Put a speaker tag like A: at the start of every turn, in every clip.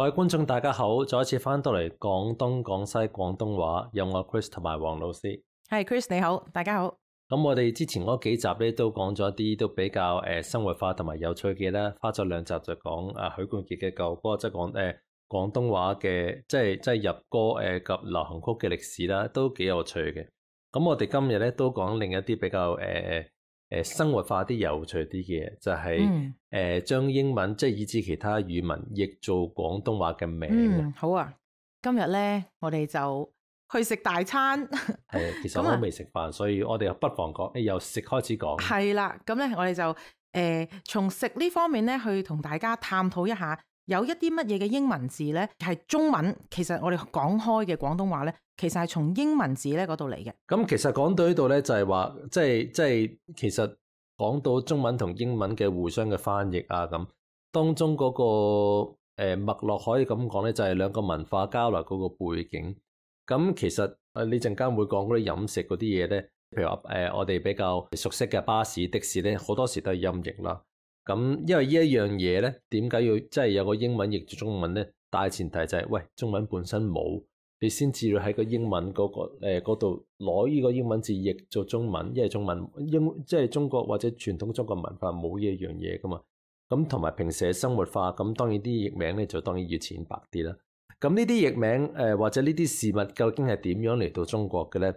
A: 各位觀眾大家好，再一次翻到嚟港東、港西廣東話，有我 Chris 同埋黃老師。係
B: Chris 你好，大家好。
A: 咁我哋之前嗰幾集咧都講咗一啲都比較誒、呃、生活化同埋有趣嘅啦，花咗兩集就講阿、啊、許冠傑嘅舊歌，即係講誒廣東話嘅，即係即係入歌誒、呃、及流行曲嘅歷史啦，都幾有趣嘅。咁我哋今日咧都講另一啲比較誒。呃誒，生活化啲有趣啲嘅，就係誒，將英文、嗯、即係以至其他語文譯做廣東話嘅名、嗯。
B: 好啊，今日咧，我哋就去食大餐。
A: 係、 呃，其實我都未食飯、嗯，所以我哋又不妨講，誒、哎，由食開始講。係
B: 啦，咁咧，我哋就誒，從食呢方面咧，去同大家探討一下，有一啲乜嘢嘅英文字咧，係中文，其實我哋講開嘅廣東話咧。其實係從英文字咧嗰度嚟嘅。
A: 咁其實講到呢度咧，就係話，即係即係，其實講到中文同英文嘅互相嘅翻譯啊，咁當中嗰個誒脈絡可以咁講咧，就係兩個文化交流嗰個背景。咁其實啊，你呢陣間會講嗰啲飲食嗰啲嘢咧，譬如話誒，我哋比較熟悉嘅巴士、的士咧，好多時都係音譯啦。咁因為呢一樣嘢咧，點解要即係有個英文譯住中文咧？大前提就係喂，中文本身冇。你先至要喺個英文嗰個嗰度攞呢個英文字譯做中文，因為中文英即係、就是、中國或者傳統中國文化冇呢樣嘢噶嘛。咁同埋平時嘅生活化，咁當然啲譯名咧就當然要淺白啲啦。咁呢啲譯名誒、呃、或者呢啲事物究竟係點樣嚟到中國嘅咧？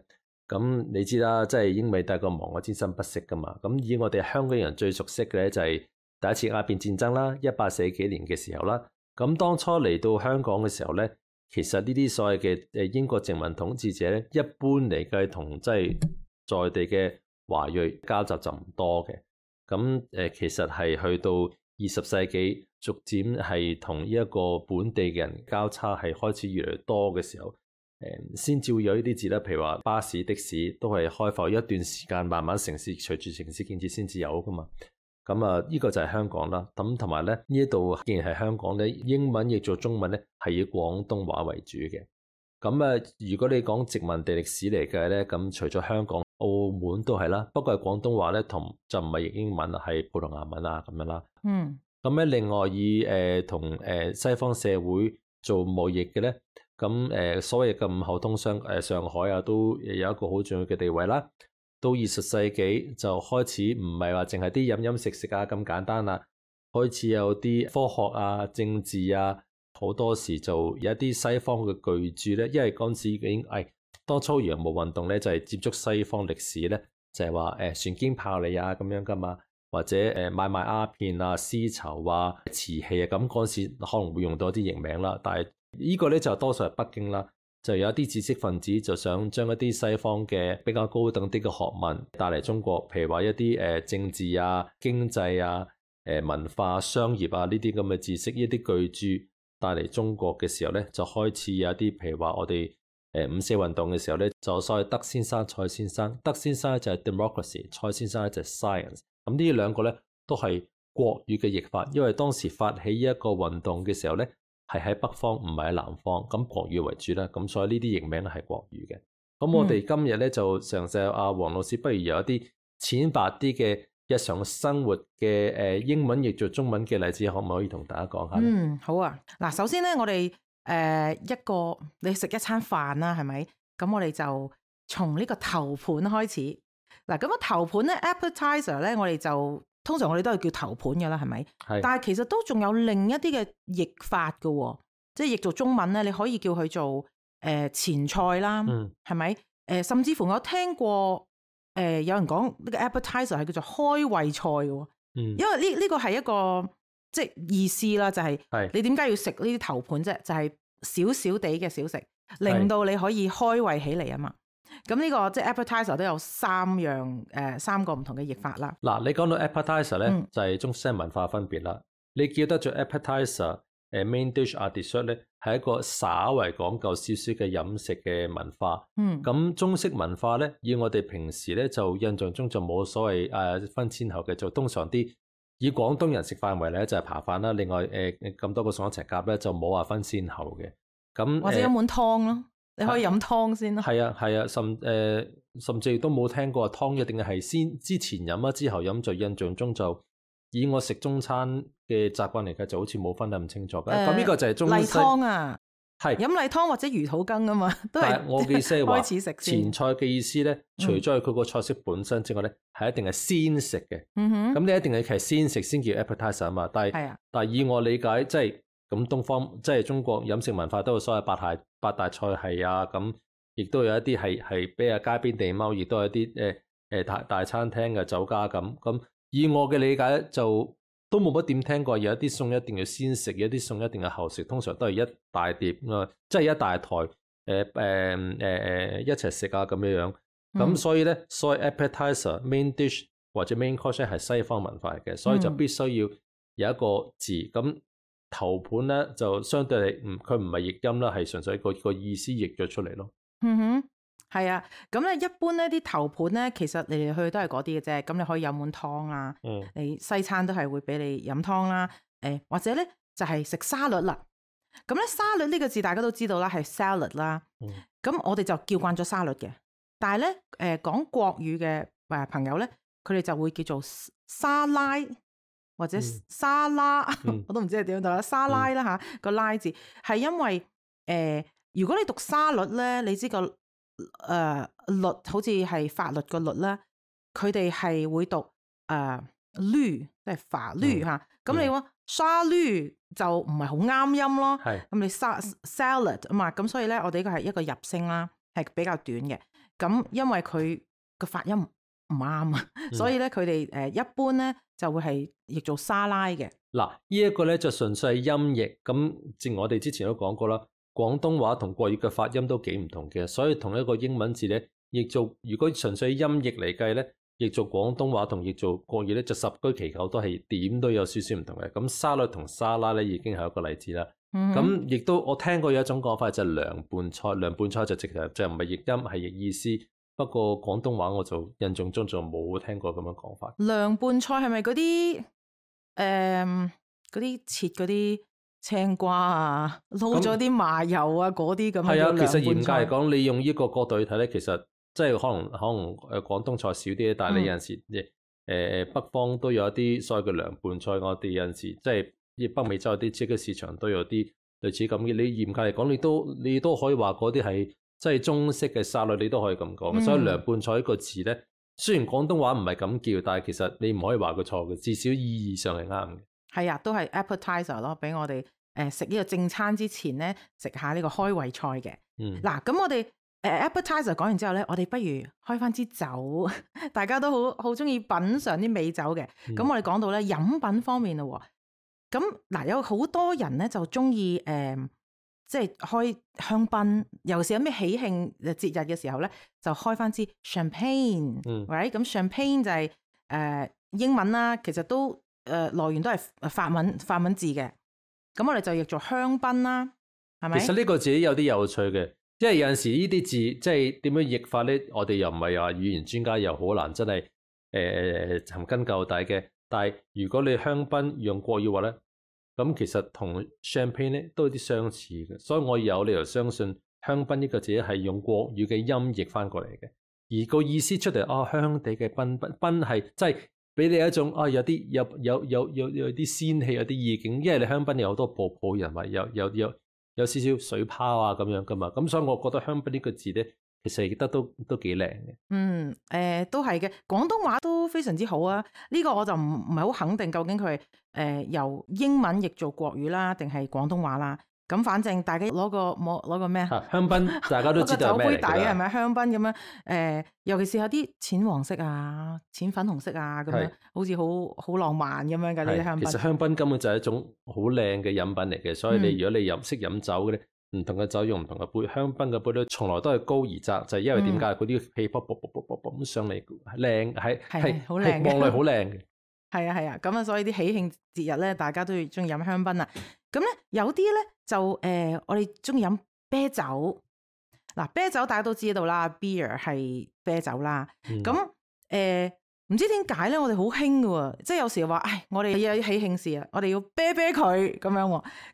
A: 咁你知道啦，即係英美大國亡我之心不息噶嘛。咁以我哋香港人最熟悉嘅咧就係第一次鴉片戰爭啦，一八四幾年嘅時候啦。咁當初嚟到香港嘅時候咧。其實呢啲所謂嘅誒英國殖民統治者咧，一般嚟計同即係在地嘅華裔交集就唔多嘅。咁誒其實係去到二十世紀，逐漸係同呢一個本地嘅人交叉係開始越嚟越多嘅時候，誒先至會有呢啲字啦。譬如話巴士、的士都係開發一段時間，慢慢的城市隨住城市建設先至有㗎嘛。咁啊，呢個就係香港啦。咁同埋咧，呢度既然係香港咧，英文譯做中文咧，係以廣東話為主嘅。咁啊，如果你講殖民地歷史嚟嘅咧，咁除咗香港、澳門都係啦，不過係廣東話咧，同就唔係譯英文係葡萄牙文啊咁樣啦。嗯。咁咧，另外以誒同誒西方社會做貿易嘅咧，咁誒所謂嘅五口通商誒上海啊，都有一個好重要嘅地位啦。到二十世紀就開始唔係話淨係啲飲飲食食啊咁簡單啦，開始有啲科學啊、政治啊，好多時候就有一啲西方嘅巨著咧。因為嗰陣時已經誒、哎，當初洋務運動咧就係接觸西方歷史咧，就係話誒船堅炮利啊咁樣噶嘛，或者誒買賣鴉片啊、絲綢啊、瓷器啊，咁嗰陣時候可能會用到一啲譯名啦。但係依個咧就多數係北京啦。就有一啲知識分子就想將一啲西方嘅比較高等啲嘅學問帶嚟中國，譬如話一啲政治啊、經濟啊、文化、商業啊呢啲咁嘅知識，一啲巨著帶嚟中國嘅時候咧，就開始有啲譬如話我哋五四運動嘅時候咧，就所謂德先生、蔡先生。德先生就係 democracy，蔡先生就係 science。咁呢兩個咧都係國語嘅譯法，因為當時發起呢一個運動嘅時候呢。係喺北方，唔係喺南方，咁國語為主啦，咁所以呢啲譯名咧係國語嘅。咁我哋今日咧就嘗試阿黃老師，不如有一啲淺白啲嘅日常生活嘅誒英文譯做中文嘅例子，可唔可以同大家講下呢？嗯，
B: 好啊。嗱，首先咧，我哋誒一個，一個你食一餐飯啦，係咪？咁我哋就從呢個頭盤開始。嗱，咁個頭盤咧，appetizer 咧，我哋就。通常我哋都係叫頭盤嘅啦，係咪？係。但係其實都仲有另一啲嘅譯法嘅喎、哦，即係譯做中文咧，你可以叫佢做誒、呃、前菜啦，係、嗯、咪？誒、呃，甚至乎我聽過誒、呃、有人講呢個 appetizer 係叫做開胃菜嘅喎、
C: 哦嗯，因為呢呢、
B: 呢個係一個即係意思啦，就係、是、你點解要食呢啲頭盤啫？就係少少啲嘅小食，令到你可以開胃起嚟啊嘛。咁呢、這個即係 appetizer 都有三樣誒、呃、三個唔同嘅譯法啦。
A: 嗱，你講到 appetizer 咧、嗯，就係、是中，呃嗯、中西文化分別啦。你叫得著 appetizer、誒 main dish or dessert 咧，係一個稍微講究少少嘅飲食嘅文化。咁中式文化咧，以我哋平時咧就印象中就冇所謂誒、呃、分先後嘅，就通常啲以廣東人食飯為例咧，就係扒飯啦。另外誒咁、呃、多個餸一齊夾咧，就冇話分先後嘅。咁或者一碗
B: 湯咯。你可以飲湯先咯。係
A: 啊，係啊，啊，甚誒、呃，甚至都冇聽過湯一定係先之前飲咗之後飲。在印象中就以我食中餐嘅習慣嚟嘅，就好似冇分得咁清楚。咁、呃、呢個就係中湯啊，係飲
B: 例湯或者魚肚羹啊嘛，都係。我嘅意思話 前
A: 菜嘅意思咧，除咗佢個菜式本身之外咧，係、嗯、一定係先食嘅。咁、嗯、你一定係其實先食先叫 appetizer 啊嘛。但係、啊、但係以我理解即係。就是咁東方即係、就是、中國飲食文化都有所謂八大八大菜系啊，咁亦都有一啲係係俾啊街邊地踎，亦都有一啲誒誒大大餐廳嘅酒家咁。咁以我嘅理解就都冇乜點聽過，有一啲餸一定要先食，有啲餸一定要後食，通常都係一大碟啊，即、就、係、是、一大台誒誒誒誒一齊食啊咁樣樣。咁所以咧、嗯，所以 appetizer、main dish 或者 main course 係西方文化嚟嘅，所以就必須要有一個字咁。嗯頭盤咧就相對嚟，唔佢唔係譯音啦，係純粹一個意思譯咗出嚟咯。嗯
B: 哼，係啊。咁咧一般咧啲頭盤咧，其實嚟嚟去去都係嗰啲嘅啫。咁你可以飲碗湯啊，嗯、你西餐都係會俾你飲湯啦、啊。誒、欸、或者咧就係食沙律啦。咁咧沙律呢個字大家都知道啦，係 salad 啦。咁、嗯、我哋就叫慣咗沙律嘅，但係咧誒講國語嘅誒朋友咧，佢哋就會叫做沙拉。或者沙拉，嗯、 我都唔知係點樣讀啦、嗯。沙拉啦嚇，個拉字係因為誒、呃，如果你讀沙律咧，你知個誒、呃、律好似係法律個律啦，佢哋係會讀誒、呃、律，即係法律嚇。咁、嗯、你話沙律就唔係好啱音咯。係咁，你沙 salad 啊嘛。咁所以咧，我哋呢個係一個入聲啦，係比較短嘅。咁因為佢個發音。唔啱啊！所以咧，佢哋誒一般咧就會係譯做沙拉嘅。
A: 嗱、嗯，呢、這、一個咧就純粹係音譯。咁正如我哋之前都講過啦，廣東話同國語嘅發音都幾唔同嘅，所以同一個英文字咧，譯做如果純粹音譯嚟計咧，譯做廣東話同譯做國語咧，就十居其九都係點都有少少唔同嘅。咁沙律同沙拉咧已經係一個例子啦。咁、嗯、亦都我聽過有一種講法就就，就係涼拌菜，涼拌菜就直頭就唔係譯音係譯意思。不過廣東話我就印象中就冇聽過咁樣講法。
B: 涼拌菜係咪嗰啲誒切嗰啲青瓜啊，撈咗啲麻油啊嗰啲咁？係啊，其實嚴格嚟講，
A: 你用呢個角度去睇呢，其實即係可能可能廣東菜少啲，但係你有陣時、嗯呃、北方都有一啲所謂嘅涼拌菜。我哋有陣時即係、就是、北美洲有啲超級市場都有啲類似咁嘅。你嚴格嚟講，你都你都可以話嗰啲係。即係中式嘅沙律，你都可以咁講。所以涼拌菜呢個詞呢、嗯，雖然廣東話唔係咁叫，但係其實你唔可以話佢錯嘅，至少意義上係啱嘅。
B: 係啊，都係 appetizer 咯，俾我哋誒食呢個正餐之前呢，食下呢個開胃菜嘅。嗱、嗯，咁、啊、我哋誒 appetizer 講完之後呢，我哋不如開翻支酒，大家都好好中意品嚐啲美酒嘅。咁、嗯、我哋講到呢飲品方面啦喎、啊，咁嗱、啊、有好多人呢就中意誒。呃即係開香檳，尤其是有咩喜慶節日嘅時候咧，就開翻支 champagne，right？、嗯、咁 champagne 就係、是、誒、呃、英文啦，其實都誒、呃、來源都係法文法文字嘅。咁我哋就譯做香檳啦，係咪？其實呢個
A: 字有啲有趣嘅，因為有陣時呢啲字即係點樣譯法咧？我哋又唔係話語言專家，又好難真係誒尋根究底嘅。但係如果你香檳用國語嘅話咧。咁其實同 champagne 咧都有啲相似嘅，所以我有理由相信香檳呢個字係用國語嘅音譯翻過嚟嘅，而個意思出嚟啊香香地嘅，檳檳檳係即係俾你一種啊、哦、有啲有有有有有啲仙氣有啲意境，因為你香檳有好多泡泡，人物有有有有少少水泡啊咁樣噶嘛，咁所以我覺得香檳呢個字咧其實亦得都都幾靚嘅。
B: 嗯，誒、呃，都係嘅，廣東話都非常之好啊，呢、這個我就唔唔係好肯定究竟佢誒、呃、由英文譯做國語啦，定係廣東話啦。咁反正大家攞個攞攞個咩啊？香檳，大家都知道 酒杯底係咪 香檳咁樣？誒、呃，尤其是有啲淺黃色啊、淺粉紅色啊咁樣，好似好好浪漫咁樣嘅呢啲香檳。其實香
A: 檳根本就係一種好靚嘅飲品嚟嘅，所以你如果你飲識飲酒嘅咧，唔、嗯、同嘅酒用唔同嘅杯，香檳嘅杯都從來都係高而窄，就係、是、因為點解？嗰啲氣泡啵啵啵啵咁上嚟，靚係係好靚，望落去好靚嘅。
B: 係啊係啊，咁啊，所以啲喜慶節日咧，大家都中意飲香檳啊。咁咧，有啲咧就誒、呃，我哋中意飲啤酒。嗱、呃，啤酒大家都知道啦，beer 係啤，啤酒啦。咁、嗯、誒，唔、呃、知點解咧，我哋好興嘅，即係有時話，唉，我哋要有喜慶事啊，我哋要啤啤佢咁樣。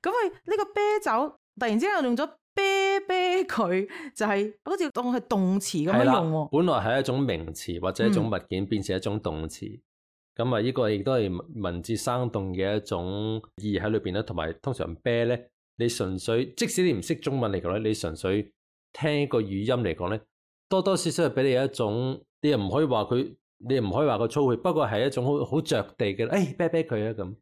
B: 咁佢呢個啤酒突然之間又用咗啤啤佢，就係、是、好似當佢係動詞咁樣用。
A: 本來係一種名詞或者一種物件，變成一種動詞。嗯咁啊，依個亦都係文字生動嘅一種意義喺裏面。同埋通常啤咧，你純粹，即使你唔識中文嚟講，你純粹聽個語音嚟講，多多少少係畀你一種，你又唔可以話佢，你又唔可以話佢粗口，不過係一種好好着地嘅，誒啤啤佢吖咁。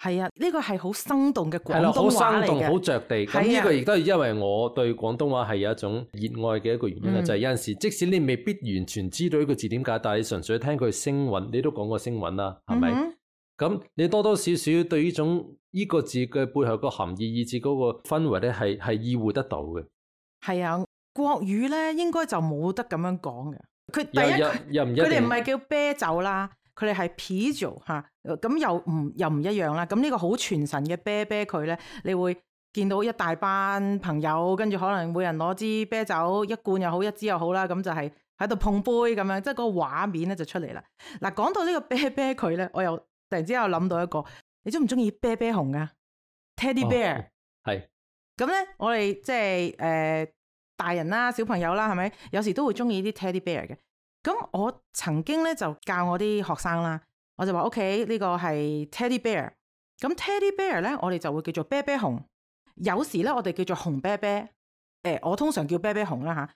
B: 係啊，呢、這個係好生動嘅廣東話好、啊、生動，好
A: 着地。咁呢、啊、個亦都係因為我對廣東話係有一種熱愛嘅一個原因啦、嗯。就係、是、有陣時，即使你未必完全知道呢個字點解，但係你純粹聽佢聲韻，你都講過聲韻啦，係咪？咁、嗯、你多多少少對呢種呢、這個字嘅背後個含義，以至嗰個氛圍咧，係係意會得到嘅。
B: 係啊，國語咧應該就冇得咁樣講嘅。佢第一佢哋唔係叫啤酒啦，佢哋係啤酒吓。咁又唔又唔一樣啦。咁呢個好全神嘅啤啤佢咧，你會見到一大班朋友，跟住可能每人攞支啤酒，一罐又好，一支又好啦。咁就係喺度碰杯咁樣，即係嗰個畫面咧就出嚟啦。嗱，講到呢個啤啤佢咧，我又突然之間又諗到一個，你中唔中意啤啤熊噶？Teddy bear 係。咁、哦、咧，我哋即係誒、呃、大人啦、小朋友啦，係咪？有時都會中意啲 Teddy bear 嘅。咁我曾經咧就教我啲學生啦。我就話 OK，呢個係 teddy bear。咁 teddy bear 咧，我哋就會叫做啤啤熊。有時咧，我哋叫做熊啤啤。誒、呃，我通常叫啤啤熊啦嚇。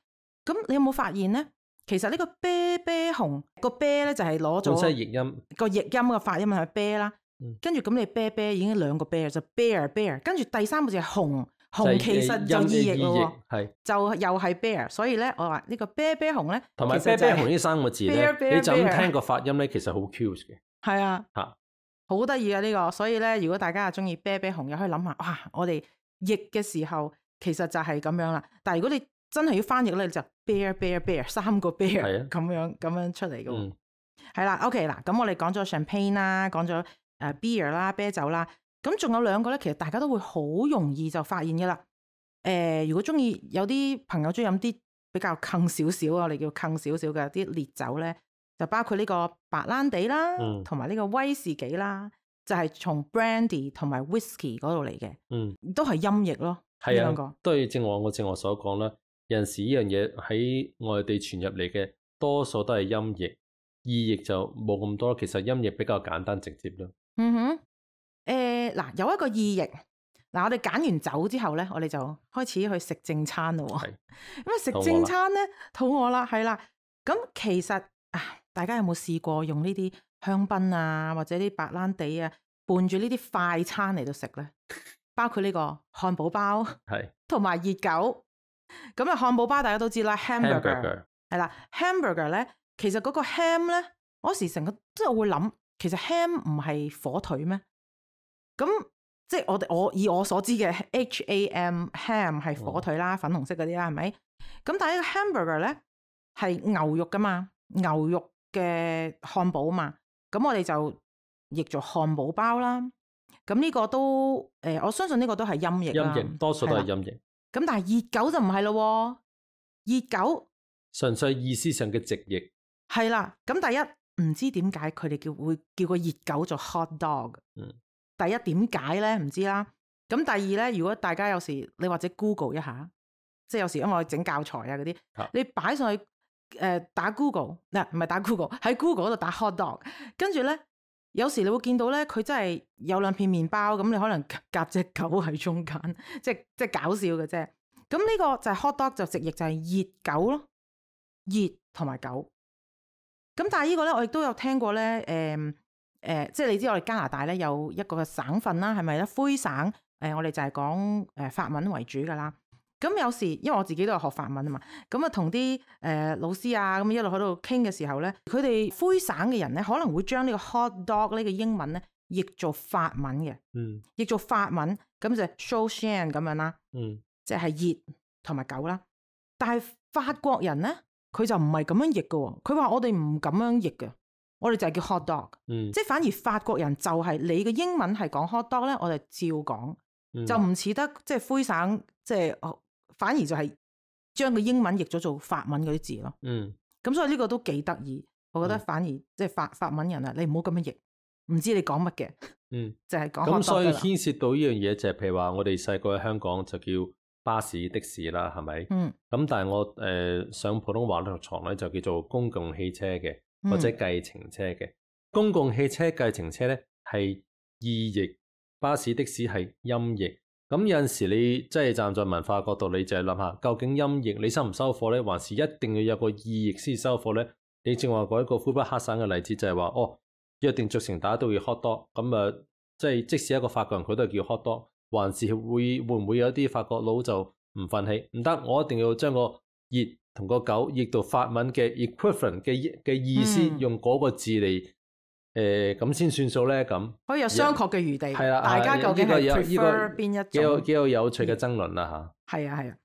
B: 咁、啊、你有冇發現咧？其實呢個啤啤熊個啤咧就係攞咗譯音、這個譯音個發音係 bear 啦。跟住咁你啤啤已經兩個 bear 就 bear bear，跟住第三個字係熊熊，其實就意譯咯，係，就又係 bear。所以咧，我話呢個啤啤熊咧，同埋啤啤熊
A: 呢三個字咧，你就咁聽個發音咧，其實好 cute 嘅。係啊，
B: 好得意啊呢、這個啊，所以咧，如果大家又中意啤啤熊又可以諗下，哇！我哋譯嘅時候，其實就係咁樣啦。但係如果你真係要翻譯咧，你就 bear bear bear 三個 bear 咁、啊、樣咁樣出嚟嘅。係、嗯啊 OK，啦，OK 嗱，咁我哋講咗 champagne 啦，講咗誒 beer 啦，啤酒啦，咁仲有兩個咧，其實大家都會好容易就發現噶啦。誒、呃，如果中意有啲朋友中意飲啲比較勁少少啊，我哋叫勁少少嘅啲烈酒咧。就包括呢個白蘭地啦，同埋呢個威士忌啦，就係、是、從 brandy 同埋 whisky 嗰度嚟嘅，都係音譯咯。係啊，
A: 都係正話我，我正話所講啦。有陣時呢樣嘢喺外地傳入嚟嘅，多數都係音譯，意譯就冇咁多。其實音譯比較簡單直接咯。嗯
C: 哼，
B: 誒、呃、嗱，有一個意譯嗱，我哋揀完酒之後咧，我哋就開始去食正餐咯。係，咁啊食正餐咧，肚餓啦，係啦。咁、嗯、其實啊～大家有冇試過用呢啲香檳啊，或者啲白蘭地啊，伴住呢啲快餐嚟到食咧？包括呢個漢堡包，係同埋熱狗。咁啊，漢堡包大家都知啦，hamburger 係啦，hamburger 咧，其實嗰個 ham 咧，我時成日真係會諗，其實 ham 唔係火腿咩？咁即係我我以我所知嘅 h a m ham 係火腿啦，嗯、粉紅色嗰啲啦，係咪？咁但係呢個 hamburger 咧係牛肉噶嘛，牛肉。嘅漢堡嘛，咁我哋就譯做漢堡包啦。咁呢個都誒、欸，我相信呢個都係音譯啦，音譯，多數都係音譯。咁但係熱狗就唔係咯，熱狗
A: 純粹意思上嘅直譯。
B: 係啦，咁第一唔知點解佢哋叫會叫個熱狗做 hot dog。嗯，第一點解咧唔知啦。咁第二咧，如果大家有時你或者 Google 一下，即係有時因為我整教材啊嗰啲，你擺上去。誒、呃，打 Google 嗱、啊，唔係打 Google，喺 Google 嗰度打 Hotdog，跟住咧，有時你會見到咧，佢真係有兩片麵包，咁你可能夾隻狗喺中間，即係即係搞笑嘅啫。咁呢個就係 Hotdog 就直譯就係熱狗咯，熱同埋狗。咁但係呢個咧，我亦都有聽過咧，誒、呃、誒、呃，即係你知我哋加拿大咧有一個省份啦，係咪咧？魁省，誒、呃，我哋就係講誒法文為主噶啦。咁有時，因為我自己都係學法文啊嘛，咁啊同啲誒老師啊，咁一路喺度傾嘅時候咧，佢哋魁省嘅人咧，可能會將呢個 hot dog 呢個英文咧譯做法文嘅、
C: 嗯，
B: 譯做法文，咁就 chaud chien 咁樣啦，即係熱同埋狗啦。但係法國人咧，佢就唔係咁樣譯嘅，佢話我哋唔咁樣譯嘅，我哋就係叫 hot dog，嗯、即係反而法國人就係、是、你嘅英文係講 hot dog 咧，我哋照講、嗯，就唔似得即係、就是、魁省即係。就是反而就係將個英文譯咗做法文嗰啲字咯。嗯，咁所以呢個都幾得意。我覺得反而、嗯、即係法法文人啊，你唔好咁樣譯，唔知你講乜嘅。
C: 嗯， 就係
B: 講咁，嗯、所以牽
A: 涉到依樣嘢就係，譬如話我哋細個喺香港就叫巴士的士啦，係咪？嗯。咁、嗯、但係我誒、呃、上普通話堂咧就叫做公共汽車嘅，或者計程車嘅、嗯。公共汽車計程車咧係意譯，巴士的士係音譯。咁有陣時你即係站在文化角度，你就係諗下，究竟音譯你收唔收貨呢？還是一定要有個意譯先收貨呢？你正話嗰一個魁北克省嘅例子就係、是、話，哦，約定俗成打到要 hot dog 咁即係即使一個法國人佢都叫 hot dog 還是會唔會，會有啲法國佬就唔憤氣，唔得，我一定要將個熱同個狗譯到法文嘅 equivalent 嘅意思用嗰個字嚟。誒，咁先算數咧？咁可以有商榷
B: 嘅餘地，係、啊、啦。大家究竟係 prefer 邊一種？幾、這個、有幾
A: 有有趣嘅爭論啦！吓，
B: 係啊係啊。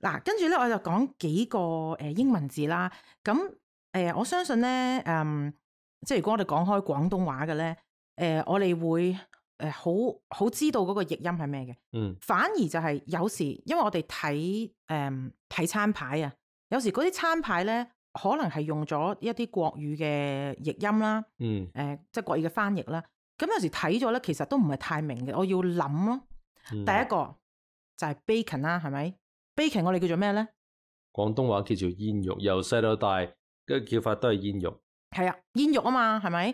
B: 嗱、嗯，跟住咧，我就講幾個誒英文字啦。咁、嗯、誒，我相信咧，嗯，即係如果我哋講開廣東話嘅咧，誒、呃，我哋會誒好好知道嗰個譯音係咩嘅。嗯。反而就係有時，因為我哋睇誒睇餐牌啊，有時嗰啲餐牌咧。可能係用咗一啲國語嘅譯音啦，嗯，誒、呃，即係國語嘅翻譯啦。咁有時睇咗咧，其實都唔係太明嘅。我要諗咯、嗯。第一個就係、是、bacon 啦，係咪？bacon 我哋叫
A: 做咩咧？廣東話叫做煙肉，由細到大，跟住叫法都係煙肉。
B: 係啊，煙肉啊嘛，係咪？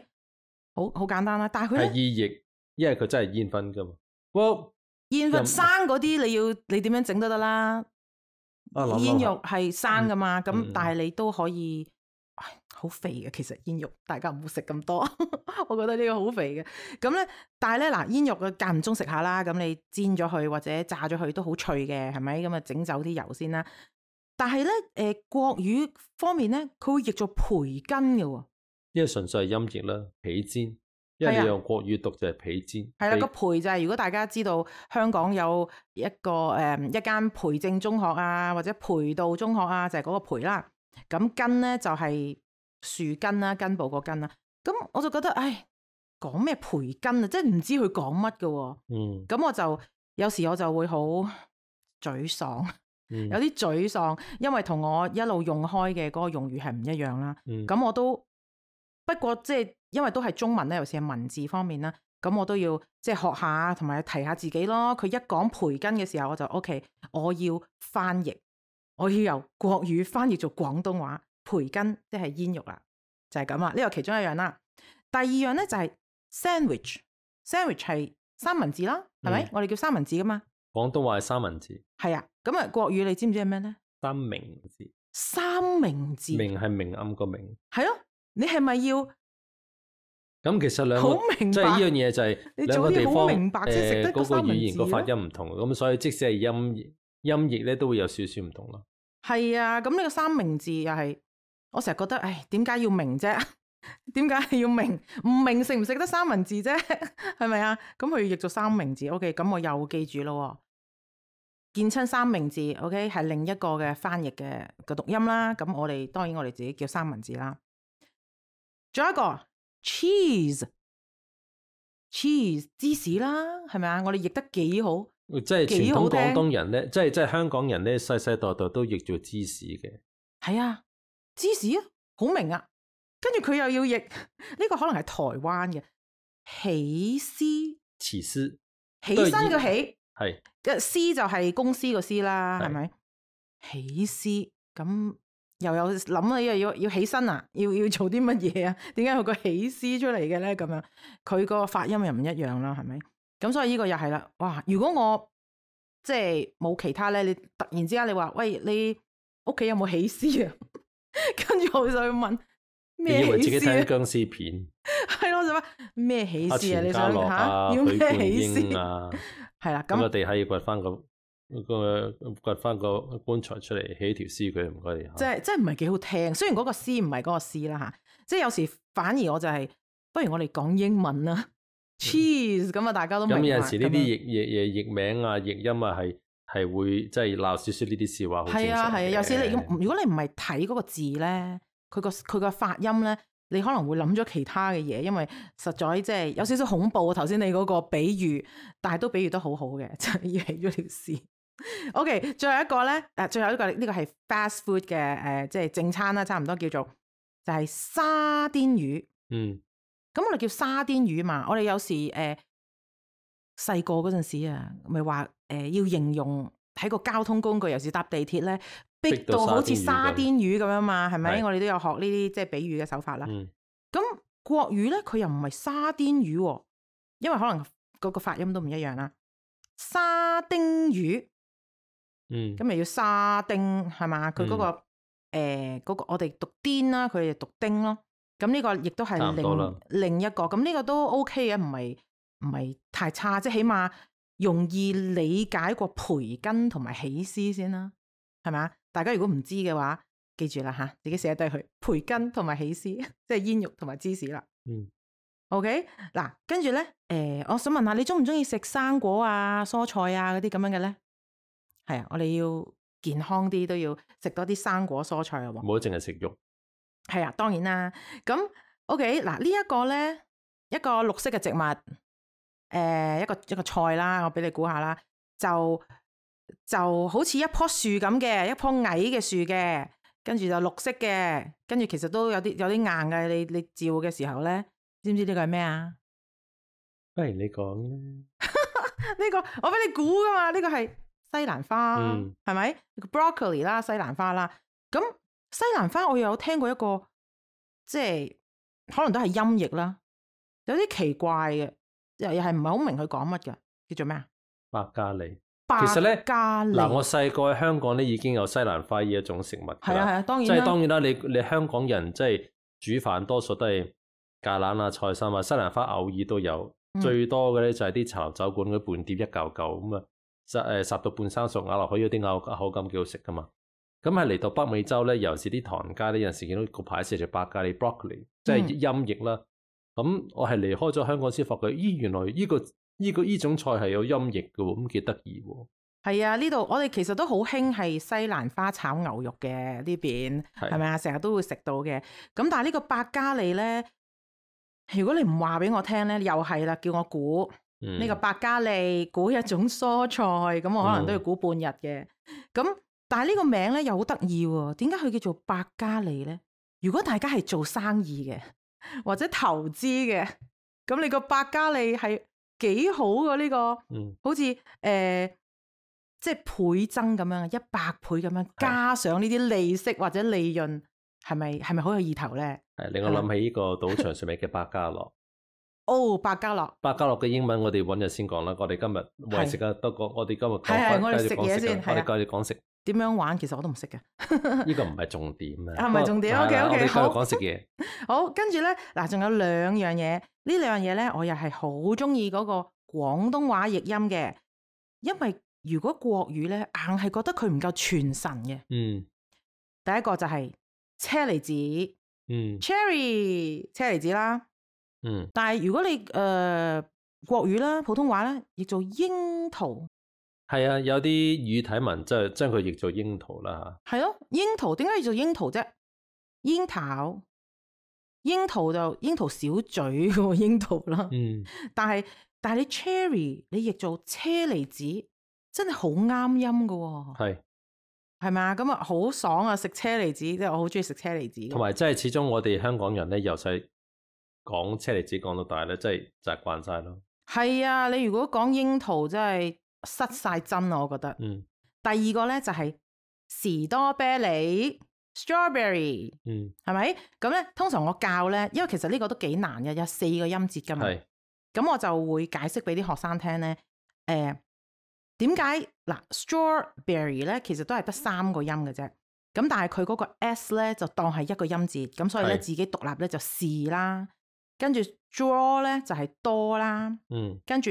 B: 好好簡單啦、啊，但係佢係意
A: 譯，因為佢真係煙熏㗎嘛。
B: 煙熏生嗰啲，你要你點樣整都得啦。煙肉係生噶嘛，咁、嗯、但係你都可以好肥嘅，其實煙肉大家唔好食咁多， 我覺得呢個好肥嘅。咁咧，但係咧嗱，煙肉嘅間唔中食下啦，咁你煎咗佢，或者炸咗佢，都好脆嘅，係咪？咁啊整走啲油先啦。但係咧，誒，國語方面咧，佢會譯做培根嘅，因為
A: 純粹係音譯啦，起煎。一樣國語讀是、啊、就係培煎」啊，係、這、啦個培
B: 就係、是、如果大家知道香港有一個誒、嗯、一間培正中學啊，或者培道中學啊，就係、是、嗰個培啦。咁根咧就係樹根啦，根部個根啦。咁我就覺得，唉，講咩培根啊，即係唔知佢講乜噶。嗯。咁我就有時我就會好沮喪，
C: 有啲
B: 沮喪，因為同我一路用開嘅嗰個用語係唔一樣啦。嗯。咁我都。不過即係，因為都係中文咧，尤其是文字方面啦，咁我都要即係學下，同埋提下自己咯。佢一講培根嘅時候，我就 O、OK, K，我要翻譯，我要由國語翻譯做廣東話。培根即係煙肉啦，就係咁啊。呢個其中一樣啦。第二樣咧就係 sandwich，sandwich 係三文治啦，係、嗯、咪？我哋叫三文治噶嘛。
A: 廣東話係三文治。
B: 係啊，咁啊，國語你知唔知係咩咧？
A: 三明治。
B: 三明
A: 治。明係明暗個明。
B: 係咯、啊。你係咪要？
A: 咁其實兩即係呢樣嘢就係兩個地方誒嗰、呃那個語言個、啊、發音唔同，咁所以即使係音音譯咧都會有少少唔同咯。
B: 係啊，咁呢個三明治又係我成日覺得，唉、哎，點解要明啫？點 解要明？唔明食唔食得三文治啫？係咪啊？咁佢要譯做三明治，OK，咁我又記住咯。見親三明治，OK，係另一個嘅翻譯嘅個讀音啦。咁我哋當然我哋自己叫三文治啦。仲有一個 cheese，cheese cheese，芝士啦，係咪啊？我哋譯得幾好？
A: 即係傳統廣東人咧，即係即係香港人咧，世世代代都譯做芝士嘅。
B: 係啊，芝士啊，好明啊。跟住佢又要譯呢個，可能係台灣嘅起司。
A: 起司，起身個起，係
C: 個
B: 司就係公司個司啦，係咪？起司咁。又有諗啊！又要要起身啊！要要做啲乜嘢啊？點解佢個起司出嚟嘅咧？咁樣佢個發音又唔一樣啦，係咪？咁所以呢個又係啦。哇！如果我即係冇其他咧，你突然之間你話喂，你屋企有冇起司啊？跟 住我就要問咩起司啊？僵屍片係咯，就咩起司啊？你想要咩起司
A: 啊？係啦，咁個地下要掘翻個。 個掘翻個棺材出嚟起條屍佢唔該你，即
B: 係即係唔係幾好聽。雖然嗰個詩唔係嗰個詩啦吓，即係有時反而我就係、是，不如我哋講英文啦。Cheese、嗯、咁啊，大家都咁有陣時呢啲譯
A: 譯譯譯名啊、譯音啊，係係會即係鬧少少呢啲笑話。係啊係啊，有時你
B: 如果你唔係睇嗰個字咧，佢個佢個發音咧，你可能會諗咗其他嘅嘢，因為實在即係有少少恐怖。頭先你嗰個比喻，但係都比喻得好好嘅，就係起咗條詩。O.K. 最後一個咧，誒、啊，最後一個呢個係 fast food 嘅，誒、呃，即係正餐啦，差唔多叫做就係、是、沙甸魚。
C: 嗯，
B: 咁我哋叫沙甸魚嘛，我哋有時誒細個嗰陣時啊，咪話誒要形容睇個交通工具，有時搭地鐵咧，逼到好似沙甸魚咁樣嘛，係咪？我哋都有學呢啲即係比喻嘅手法啦。咁、嗯、國語咧，佢又唔係沙甸魚、啊，因為可能嗰個發音都唔一樣啦。沙丁魚。嗯，咁咪要沙丁係嘛？佢嗰、嗯嗰個誒，嗰、呃嗰個我哋讀癲啦、啊，佢哋讀丁咯。咁呢個亦都係另另一個，咁呢個都 OK 嘅，唔係唔係太差，即、就、係、是、起碼容易理解過培根同埋起司先啦，係咪？大家如果唔知嘅話，記住啦吓，自己寫低佢培根同埋起司，即係煙肉同埋芝士啦。
C: 嗯
B: ，OK 嗱，跟住咧，誒、呃，我想問下你中唔中意食生果啊、蔬菜啊嗰啲咁樣嘅咧？係啊，我哋要健康啲，都要食多啲生果蔬菜啊。唔
A: 好淨係食肉。
B: 係啊，當然啦。咁，OK 嗱，呢個、呢一個咧，一個綠色嘅植物，誒、呃，一個一個菜啦，我俾你估下啦，就就好似一棵樹咁嘅，一棵矮嘅樹嘅，跟住就綠色嘅，跟住其實都有啲有啲硬嘅。你你照嘅時候咧，知唔知呢個係咩啊？
A: 不、哎、如你講啦。呢 、
B: 呢個我俾你估噶嘛，呢、呢個係。西蘭花係咪、嗯？broccoli 啦，西蘭花啦。咁西蘭花我有聽過一個，即係可能都係音譯啦，有啲奇怪嘅，又又係唔係好明佢講乜嘅，叫做咩啊？
A: 百加利。其實咧，百加利。嗱我細個喺香港咧已經有西蘭花呢一種食物。係啊係啊，當然啦，即係當然啦。你你香港人即係煮飯多數都係芥蘭啊、菜心啊、西蘭花偶爾都有，嗯、最多嘅咧就係啲茶樓酒館嗰半碟一嚿嚿咁啊。十、就、十、係、到半生熟咬落去，有啲咬口感幾好食噶嘛，咁係嚟到北美洲咧，尤其是啲唐人街咧，有陣時見到個牌寫住百加利 broccoli，即係音譯啦。咁、嗯、我係離開咗香港先發覺，咦，原來呢、呢個依、呢個依、呢個、種菜係有音譯嘅喎，咁幾得意喎。
B: 係啊，呢度我哋其實都好興係西蘭花炒牛肉嘅呢邊，係咪啊是？成日都會食到嘅。咁但係呢個百加利咧，如果你唔話俾我聽咧，又係啦，叫我估。呢、嗯、這個百加利估一種蔬菜，咁我可能都要估半日嘅。咁、嗯、但係呢個名咧又好得意喎，點解佢叫做百加利咧？如果大家係做生意嘅或者投資嘅，咁你個百加利係幾好嘅呢、這個？嗯，好似誒，即、呃、係、就是、倍增咁樣，一百倍咁樣的加上呢啲利息或者利潤，係咪係咪好有意頭咧？
A: 係令我諗起呢個賭場上面嘅百家樂。
B: 哦、oh，百家樂，
A: 百家樂嘅英文我哋搵日先講啦。我哋今日為時間，都講我哋今日講我哋食嘢先，我哋繼續講食。點樣玩？其實我都唔識嘅。呢 個唔係重點啊，唔 係重點。OK，OK，好。你繼續講食嘢。
B: 好，跟住咧，嗱，仲有兩樣嘢。兩樣呢兩樣嘢咧，我又係好中意嗰個廣東話譯音嘅，因為如果國語咧，硬係覺得佢唔夠傳神嘅。嗯。第一個就係車厘子，嗯，cherry，車厘子啦。嗯，但係如果你誒、呃、國語啦，普通話咧，譯做櫻桃，
A: 係啊，有啲語體文就將佢譯做櫻桃啦。
B: 係咯、啊，櫻桃點解譯做櫻桃啫？櫻桃，櫻桃，櫻桃就櫻桃小嘴個櫻桃啦。嗯，但係但係你 cherry 你譯做車厘子，真係好啱音噶、哦。係係咪？咁啊，好爽啊！食車厘子，即係我好中意食車厘子。同埋，
A: 即係始終我哋香港人咧，由細。講車厘子講到大咧，真係習慣晒咯。
B: 係啊，你如果講櫻桃，真係失晒真啊。我覺得。嗯。第二個咧就係士多啤梨 strawberry，嗯，係咪？咁咧通常我教咧，因為其實呢個都幾難嘅，有四個音節噶嘛。係。咁我就會解釋俾啲學生聽咧，誒、呃，點解嗱 strawberry 咧，其實都係得三個音嘅啫。咁但係佢嗰個 s 咧就當係一個音節，咁所以咧自己獨立咧就士啦。跟住 draw 咧就係、是、多啦，嗯，跟住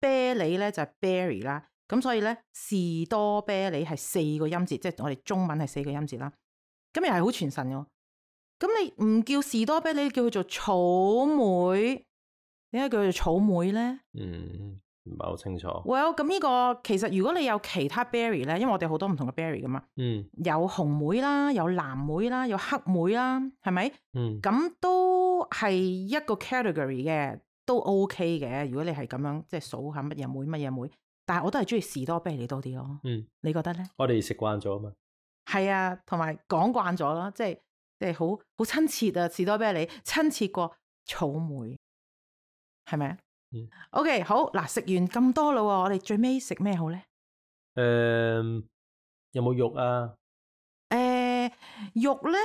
B: 啤梨咧就係、是、berry 啦，咁所以咧士多啤梨係四個音節，即係我哋中文係四個音節啦，咁又係好傳神嘅，咁你唔叫士多啤梨，叫做草莓，點解叫佢做草莓咧？
A: 嗯。唔係好清楚。Well，
B: 咁呢個其實如果你有其他 berry 咧，因為我哋好多唔同嘅 berry 噶嘛，嗯，有紅莓啦，有藍莓啦，有黑莓啦，係咪？嗯，咁都係一個 category 嘅，都 OK 嘅。如果你係咁樣，即係數下乜嘢莓乜嘢莓，但係我都係中意士多啤梨多啲咯。嗯，你覺得咧？
A: 我哋食慣咗啊嘛。
B: 係啊，同埋講慣咗咯，即係即係好好親切啊！士多啤梨親切過草莓，係咪啊？O.K. 好嗱，食完咁多啦，我哋最尾食咩好咧？
A: 誒、呃，有冇肉啊？
B: 誒、呃，肉咧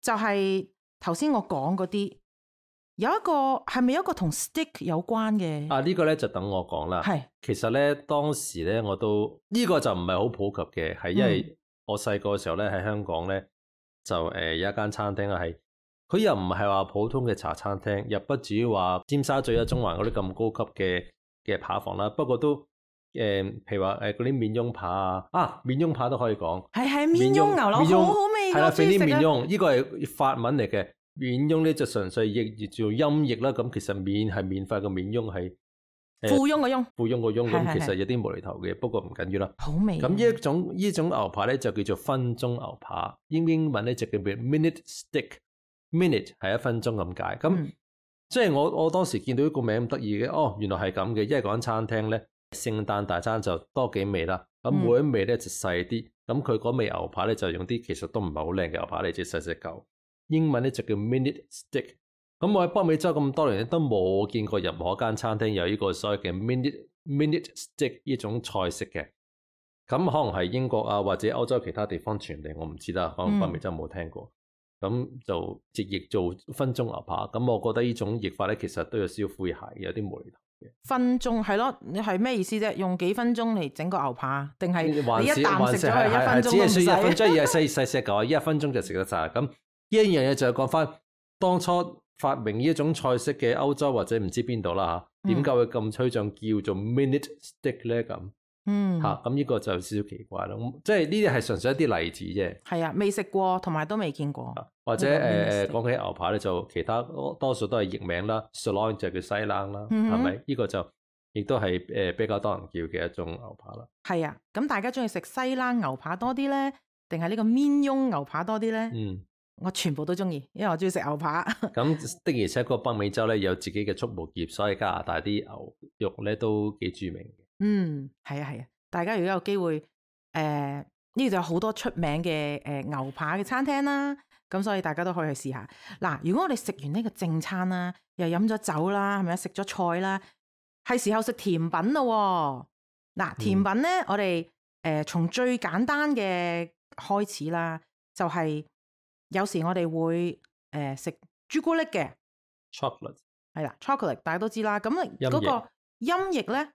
B: 就係頭先我講嗰啲，有一個係咪有一個同 stick 有關嘅？啊，呢
A: 個、呢個咧就等我講啦。係，其實咧當時咧我都呢、呢個就唔係好普及嘅，係因為我細個嘅時候咧喺香港咧就誒、呃、有一間餐廳係。佢又唔係話普通嘅茶餐廳，又不至於話尖沙咀啊、中環嗰啲咁高級嘅嘅扒房啦。不過都誒、呃，譬如話誒嗰啲免翁扒啊，啊免翁扒都可以講，係係免翁牛腩，很好好味咯。係啦，肥啲免翁，呢個係法文嚟嘅，免翁呢就純粹譯做音譯啦。咁其實免係免費個免，翁係富翁個翁，富翁個翁。咁其實有啲無厘頭嘅，不過唔緊要啦。好味。咁呢一種呢種牛扒咧就叫做分鐘牛扒，英英文咧就叫 minute steak。minute 係一分鐘咁解，咁、嗯、即係我我當時見到呢個名咁得意嘅，哦，原來係咁嘅。一係講餐廳咧，聖誕大餐就多幾味啦。咁每一味咧就細啲，咁佢嗰味牛扒咧就用啲其實都唔係好靚嘅牛扒嚟，你只細隻狗。英文咧就叫 minute steak。咁我喺北美洲咁多年都冇見過任何間餐廳有呢個所謂嘅 minute minute steak 呢種菜式嘅。咁可能係英國啊或者歐洲其他地方傳嚟，我唔知啦。可能北美洲冇聽過。嗯咁就直譯做分鐘牛扒，咁我覺得呢種譯法咧，其實都有少悔鞋，有啲無厘頭嘅。
B: 分鐘係咯，你係咩意思啫？用幾分鐘嚟整個牛扒，定係你一啖食咗係一分鐘，只係算一分鐘，
A: 而係細細嚿一分鐘就食得晒。咁呢樣嘢就講翻當初發明呢一種菜式嘅歐洲或者唔知邊度啦吓，點解會咁抽象叫做 minute steak 咧咁？嗯，咁、嗯、呢、嗯、個就少少奇怪咯，即係呢啲係純粹一啲例子啫。
B: 係啊，未食過，同埋都未見過。或者誒，
A: 講起牛扒咧，就其他多數都係譯名啦，Sirloin 就叫西冷啦，係、嗯、咪、嗯？呢、這個就亦都係誒、呃、比較多人叫嘅一種牛扒啦。
B: 係啊，咁大家中意食西冷牛扒多啲咧，定係呢個免翁牛扒多啲咧？嗯，我全部都中意，因為我中意食牛扒。
A: 咁 的而且確北美洲咧有自己嘅畜牧業，所以加拿大啲牛肉咧都幾著名嘅。
B: 嗯，係啊，係啊，大家如果有機會，誒、呃，呢度有好多出名嘅誒、呃、牛扒嘅餐廳啦，咁所以大家都可以去試下。嗱、啊，如果我哋食完呢個正餐啦，又飲咗酒啦，係咪啊？食咗菜啦，係時候食甜品咯、哦。嗱、啊，甜品咧、嗯，我哋誒、呃、從最簡單嘅開始啦，就係、是、有時我哋會誒食朱古力嘅，chocolate 係啦、啊，chocolate 大家都知啦。咁嗰個音譯咧。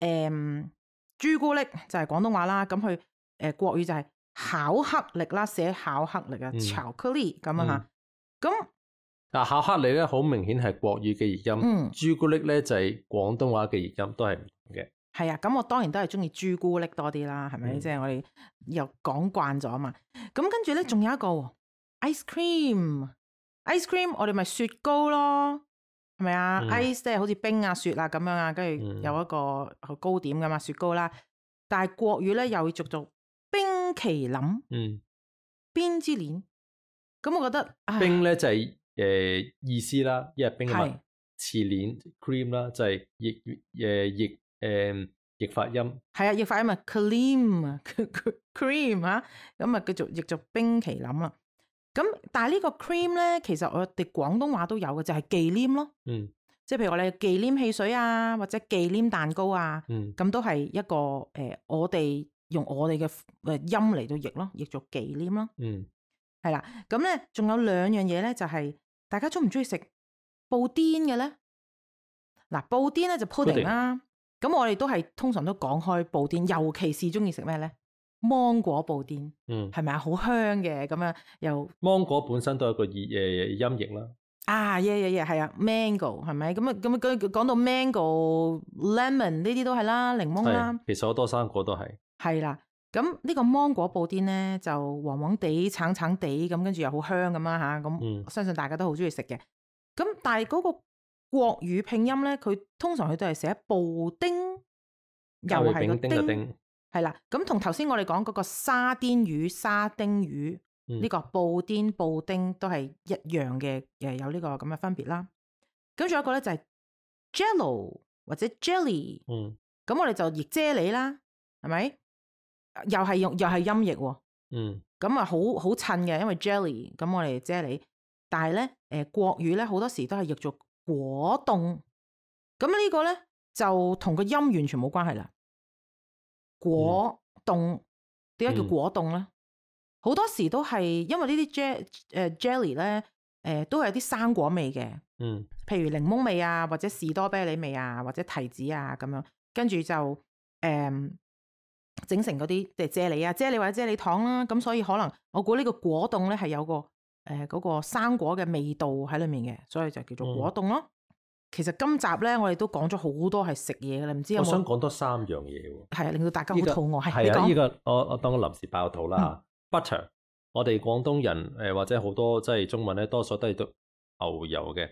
B: 誒、嗯，朱古力就係廣東話啦，咁佢誒國語就係巧克力啦，寫巧克力啊、嗯，巧克力咁啊吓，咁
A: 啊、嗯、巧克力咧好明顯係國語嘅譯音、嗯，朱古力咧就係廣東話嘅譯音，都係唔同嘅。
B: 係啊，咁我當然都係中意朱古力多啲啦，係咪？即、嗯、係、就是、我哋又講慣咗啊嘛，咁跟住咧仲有一個 ice cream，ice cream，我哋咪雪糕咯。係咪啊？ice 即係好似冰啊、雪啊咁樣啊，跟住有一個糕點㗎嘛，雪糕啦。但係國語咧，又會叫做冰淇淋。嗯，冰之鏈。咁我覺得
A: 冰咧就係、是、誒、呃、意思啦，一係冰，次鏈 cream 啦，就係譯誒譯誒、呃、譯發音。
B: 係啊，譯發音嘛 ，cream 啊，cream 嚇，咁啊叫做譯做冰淇淋啦。咁但係呢個 cream 咧，其實我哋廣東話都有嘅，就係、是、忌廉咯。嗯，即係譬如我哋忌廉汽水啊，或者忌廉蛋糕啊。嗯，咁都係一個誒、呃，我哋用我哋嘅誒音嚟到譯咯，譯做忌廉咯。嗯，係啦。咁咧仲有兩樣嘢咧，就係、是、大家中唔中意食布甸嘅咧？嗱、啊，布甸咧就 pudding 啦、啊。咁我哋都係通常都講開布甸，尤其是中意食咩咧？芒果布甸，嗯，係咪啊？好香嘅咁樣又。
A: 芒果本身都有一個呃音譯啦。
B: 啊，耶耶耶，係啊，mango 係咪？咁啊，咁啊，講到 mango，lemon 呢啲都係啦，檸檬啦。
A: 其實好多生果都係。
B: 係啦，咁呢個芒果布甸咧就黃黃地、橙橙地咁，跟住又好香咁啦吓。咁、啊嗯、相信大家都好中意食嘅。咁但係嗰個國語拼音咧，佢通常佢都係寫布丁，
C: 又係個丁。
B: 係啦，咁同頭先我哋講嗰個沙甸魚、沙丁魚呢、嗯這個布甸、布丁都係一樣嘅，誒有呢個咁嘅分別啦。咁仲有一個咧就係 Jello 或者 Jelly，咁、嗯、我哋就譯啫喱啦，係咪？又係用又係音譯喎，咁啊好好襯嘅，因為 Jelly 咁我哋啫喱，但係咧誒國語咧好多時候都係譯做果凍，咁呢跟個咧就同個音完全冇關係啦。果凍點解叫果凍咧？好、嗯、多時都係因為這些呢啲 j 誒 jelly 咧誒都有啲生果味嘅，嗯，譬如檸檬味啊，或者士多啤梨味啊，或者提子啊咁樣，跟住就誒整、嗯、成嗰啲即係啫喱啊、啫喱或者啫喱糖啦、啊。咁所以可能我估呢個果凍咧係有個誒嗰、呃那個生果嘅味道喺裏面嘅，所以就叫做果凍咯。嗯其實今集咧，我哋都講咗好多係食嘢嘅，你唔知有冇，我想講
A: 多三樣嘢喎、
B: 啊。係啊，令到大家好肚餓。係、這個、啊、呢、這
A: 個我我當我臨時爆肚啦、嗯。Butter，我哋廣東人誒、呃、或者好多即係中文咧，多數都係讀牛油嘅。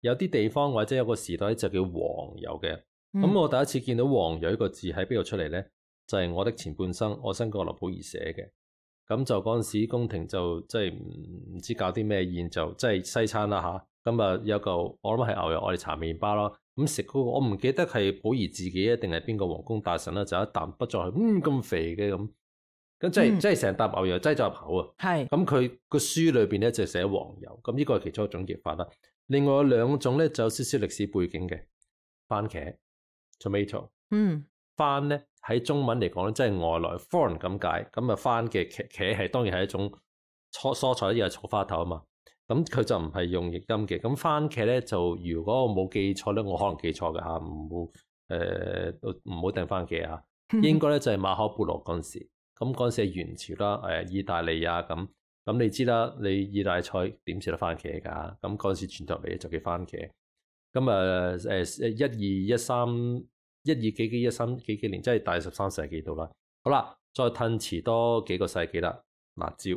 A: 有啲地方或者有個時代就叫黃油嘅。咁、嗯、我第一次見到黃油呢個字喺邊度出嚟咧？就係、是、我的前半生，愛新覺羅溥儀寫嘅。咁就嗰陣時宮廷就即係唔唔知搞啲咩宴，就即係西餐啦吓。咁啊，有嚿我諗係牛油，我哋搽麵包咯。咁食嗰個，我唔記得係保儀自己啊，定係邊個皇宮大臣啦，就一啖不再。去，嗯咁肥嘅咁。咁即係即係成笪牛油擠咗入口啊。係。咁佢個書裏邊咧就寫黃油。咁呢個係其中一種譯法啦。另外有兩種咧就有少少歷史背景嘅番茄 （tomato）。嗯。番咧喺中文嚟講咧，即係外來 foreign 咁解。咁啊，番嘅茄係當然係一種初蔬菜，亦係草花頭啊嘛。咁佢就唔係用譯音嘅，咁番茄咧就如果我冇記錯咧，我可能記錯㗎。吓，唔好誒，唔好定番茄呀，應該咧就係馬可波羅嗰陣時，咁嗰陣時係元朝啦，誒、呃，意大利啊咁，咁你知啦，你意大利菜點食得番茄噶，咁嗰陣時傳到嚟就叫番茄，咁啊誒一二一三一二幾幾一三幾幾年，即係大十三世紀到啦，好啦，再褪遲多幾個世紀啦，辣椒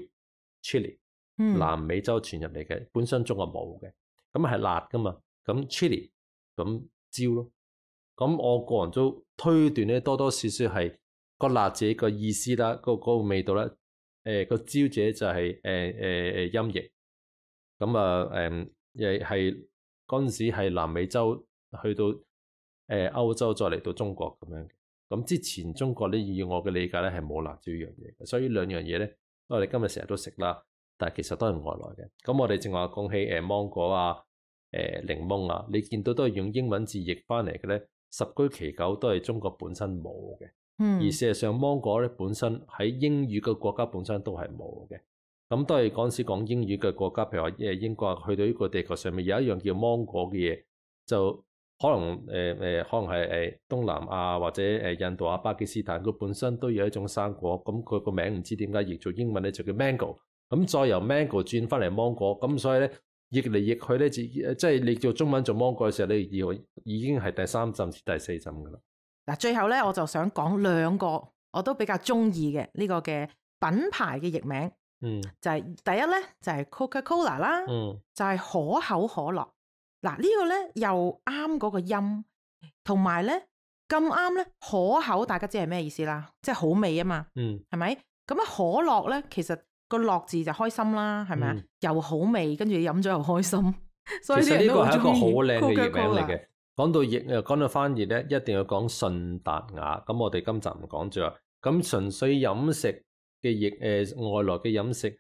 A: chili。南美洲傳入嚟嘅，本身中國冇嘅，咁係辣㗎嘛？咁 chili 咁椒咯，咁我個人都推斷咧，多多少少係個辣者個意思啦，個、嗰個味道咧，誒、嗰個椒者就係誒誒誒音譯，咁啊誒亦係嗰陣時係南美洲去到誒歐、欸、洲再嚟到中國咁樣，咁之前中國咧以我嘅理解咧係冇辣椒呢樣嘢，所以兩樣嘢咧我哋今日成日都食啦。但其實都係外來嘅，咁我哋正話講起誒芒果啊、誒、呃、檸檬啊，你見到都係用英文字譯翻嚟嘅咧，十居其九都係中國本身冇嘅。嗯，而事實上芒果咧本身喺英語嘅國家本身都係冇嘅，咁都係嗰陣時講英語嘅國家，譬如話誒英國去到呢個地球上面有一樣叫芒果嘅嘢，就可能誒誒、呃、可能係誒東南亞或者誒印度啊巴基斯坦佢本身都有一種生果，咁佢個名唔知點解譯做英文咧就叫 mango。咁再由 Mango 轉翻嚟芒果，咁所以咧，譯嚟譯去咧，即係你叫中文做芒果嘅時候，你以為已經係第三陣至第四陣噶啦。
C: 嗱，最
B: 後咧，我就想講兩個我都比較中意嘅呢個嘅品牌嘅譯名，嗯，就係、是、第一咧就係、是、Coca-Cola 啦，嗯，就係、是、可口可樂。嗱、這個、呢個咧又啱嗰個音，同埋咧咁啱咧可口，大家知係咩意思啦？即係好味啊嘛，嗯，係咪？咁啊可樂咧，其實。個樂字就開心啦，係咪啊？又好味，跟住飲咗又開心，所以呢個係一個好靚嘅譯名嚟嘅。
A: 講到譯誒，講到翻譯咧，一定要講信達雅。咁我哋今集唔講住啦。咁純粹飲食嘅譯誒，外來嘅飲食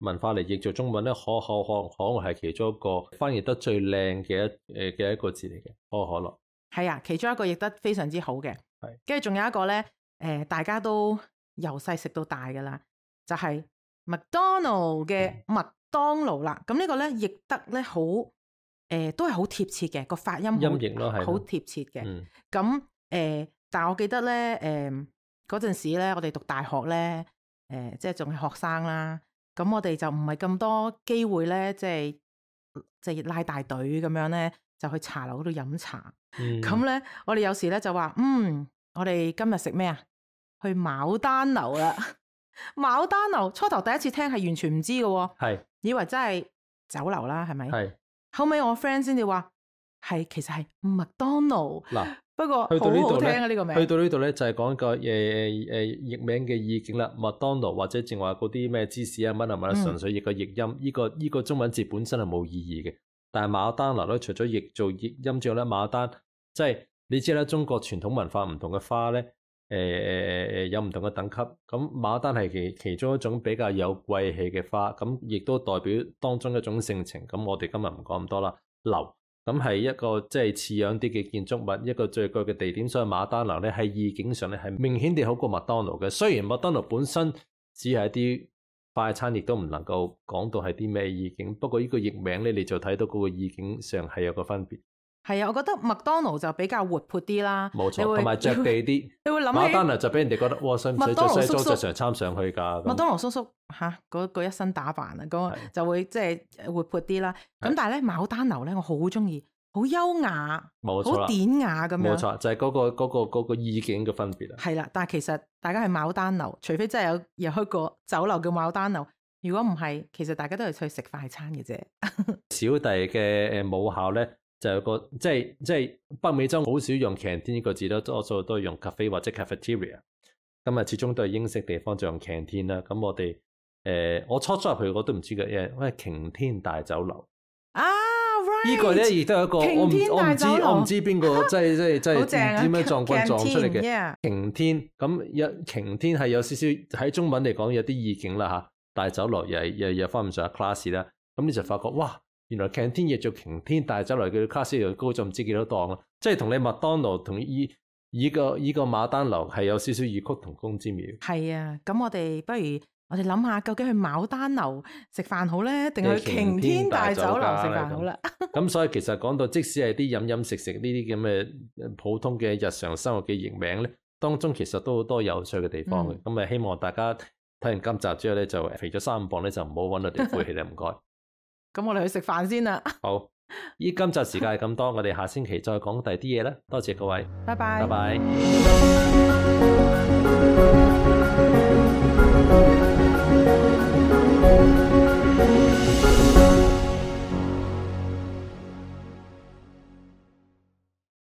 A: 文化嚟譯做中文咧，可可可可係其中一個翻譯得最靚嘅一誒嘅一個字嚟嘅。可可樂
B: 係啊，其中一個譯得非常之好嘅。係，跟住仲有一個咧，誒、呃，大家都由細食到大噶啦，就係、是。麥當勞嘅，麥當勞啦，咁呢個咧譯得咧好，誒，都係好貼切嘅，個發音很音譯咯係，好貼切嘅。咁、嗯、誒、呃，但係我記得咧，誒嗰陣時咧，我哋讀大學咧，誒、呃、即係仲係學生啦。咁我哋就唔係咁多機會咧，即係即係拉大隊咁樣咧，就去茶樓度飲茶。咁、嗯、咧，我哋有時咧就話，嗯，我哋今日食咩啊？去牡丹樓啦。 麥當勞初頭第一次聽係完全唔知嘅，以為真係酒樓啦，係咪？後尾我 friend 先至話係，其實係麥當勞。嗱，不過好好聽啊！呢呢、呢個名字去
A: 到呢度咧，就係、是、講個誒誒譯名嘅意境啦。麥當勞或者正話嗰啲咩芝士啊乜啊乜啊，純粹譯個譯音。呢、嗯呢個呢、呢個中文字本身係冇意義嘅，但係麥當勞咧，除咗譯做譯音之外咧，麥丹，即、就、係、是、你知啦，中國傳統文化唔同嘅花咧。誒誒誒，有唔同嘅等級。咁牡丹係其其中一種比較有貴氣嘅花，咁亦都代表當中一種性情。咁我哋今日唔講咁多啦。樓咁係一個即係似樣啲嘅建築物，一個最高嘅地點。所以，牡丹樓咧喺意境上咧係明顯地好過麥當勞嘅。雖然麥當勞本身只係啲快餐，亦都唔能夠講到係啲咩意境。不過個譯呢個譯名咧，你就睇到嗰個意境上係有個分別。
B: 係啊，我覺得麥當勞就比較活潑啲啦，冇錯同埋着地
A: 啲。你會諗麥當勞就俾人哋覺得哇、哦，使唔使着西裝上去㗎，麥當
B: 勞叔叔吓，嗰、嗰個、一身打扮啊，咁、嗰個、就會即係活潑啲啦。咁但係咧，牡丹樓咧，我好中意，好優雅，冇錯好典雅咁樣，冇錯
A: 就係、是、嗰、嗰個、嗰個、嗰個意境嘅分別啊。係啦、就
B: 是嗰個嗰個嗰個，但係其實大家係牡丹樓，除非真係有而去個酒樓叫牡丹樓，如果唔係，其實大家都係去食快餐嘅啫。
A: 小弟嘅誒母校咧。就有一個即係即係北美洲好少用 canteen 呢個字咯，多數都係用 cafe 或者 cafeteria。咁啊，始終都係英式地方就用 canteen 啦。咁我哋誒，我初初入去我都唔知嘅嘢，喂、啊這個，晴天大酒樓、這個、啊！依個咧亦都有一個我唔我唔知我唔知邊個即係即係即係點樣撞棍撞出嚟嘅、啊 yeah. 晴天。咁一晴天係有少少喺中文嚟講有啲意境啦嚇。大酒樓又又又分唔上 class 啦。咁你就發覺哇！原來擎天夜做擎天大酒樓嘅卡士油高不就唔知幾多檔啦，即係同你麥當勞同依依個依個牡丹樓係有少少異曲同工之妙的。
B: 係啊，咁我哋不如我哋諗下，究竟去牡丹樓食飯好呢，定去擎天大酒樓食飯好啦？
A: 咁所以其實講到即使係啲飲飲食食呢啲咁嘅普通嘅日常生活嘅譯名當當中其實都好多有趣嘅地方嘅。咪、嗯、希望大家睇完今集之後呢，就肥咗三磅就唔好搵我哋晦氣喇，唔該。
B: 咁我哋去食飯先啦。
A: 好，依今集時間係咁多， 我哋下星期再講第二啲嘢啦。多謝各位，拜拜，拜拜。拜拜。